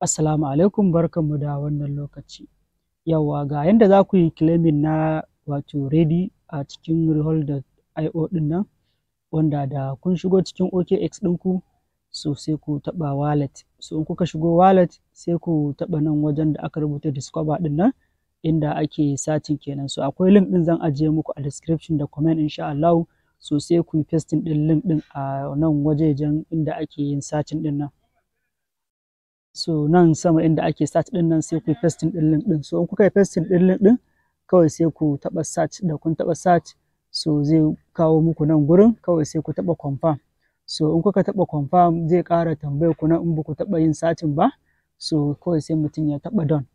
Assalamu alaikum barkanmu da wannan lokaci. Yawwa ga yadda za ku yi claiming na wato ready a cikin rehold.io ɗin nan wanda da kun shigo cikin OKX ɗinku so sai ku taɓa wallet. So in kuka shigo wallet sai ku taɓa nan wajen da aka rubuta discover ɗin nan inda ake searching kenan. So akwai link ɗin zan ajiye muku a description da comment insha Allah so sai ku yi pasting ɗin link ɗin a nan wajejen inda ake yin searching ɗin nan. so nan sama inda ake search din nan sai ku pasting din link din so in kuka yi pasting din link din kawai sai ku taba search da kun taba search so zai kawo muku nan gurin kawai sai ku taba confirm so in kuka taba confirm zai ƙara tambaye ku nan in ba ku taba yin searching ba so kawai sai mutum ya taba done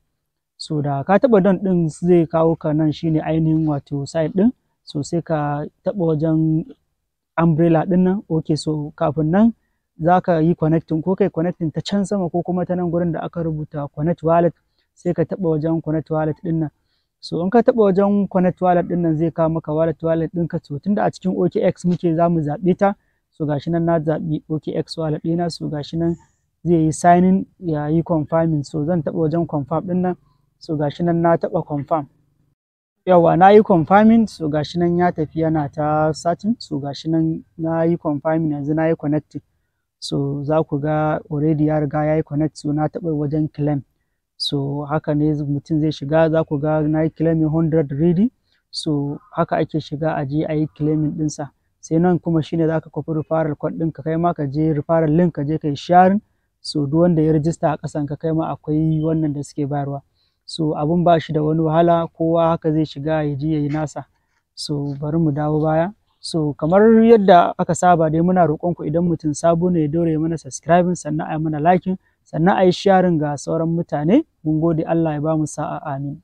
so da ka taba done din zai kawo ka nan shine ainihin wato site din so sai ka taba wajen umbrella din nan okay so kafin nan za ka yi connecting ko kai connecting ta can sama ko kuma ta nan gurin da aka rubuta connect wallet sai ka taɓa wajen connect wallet ɗin nan so in ka taɓa wajen connect wallet ɗin nan zai kawo maka wallet wallet ɗinka to tunda a cikin OKX muke za mu zaɓe ta so gashi nan na zaɓi OKX wallet ɗina so gashi nan zai yi signing ya yi confirming so zan taɓa wajen confirm ɗin nan so gashi nan na taɓa confirm yawa na yi confirming so gashi nan ya tafi yana ta searching so gashi nan na yi confirming yanzu na yi connecting so za ku ga already ya riga ya yi connect so na taɓa wajen claim so haka ne mutum zai shiga za ku ga na yi claiming 100 ready so haka ake shiga a je a yi claiming ɗinsa sai nan kuma shine za ka kwafi referral code ka kai ma ka je referral link ka je ka yi sharing so duk wanda ya rijista a ƙasan ka kai ma akwai wannan da suke bayarwa so abun ba shi da wani wahala kowa haka zai shiga ya ji ya yi nasa so bari mu dawo baya So kamar yadda aka saba dai muna roƙon ku idan mutum sabo ne ya dore mana subscribing sannan a yi mana liking sannan a yi sharing ga sauran mutane. Mun gode Allah ya ba mu sa'a amin.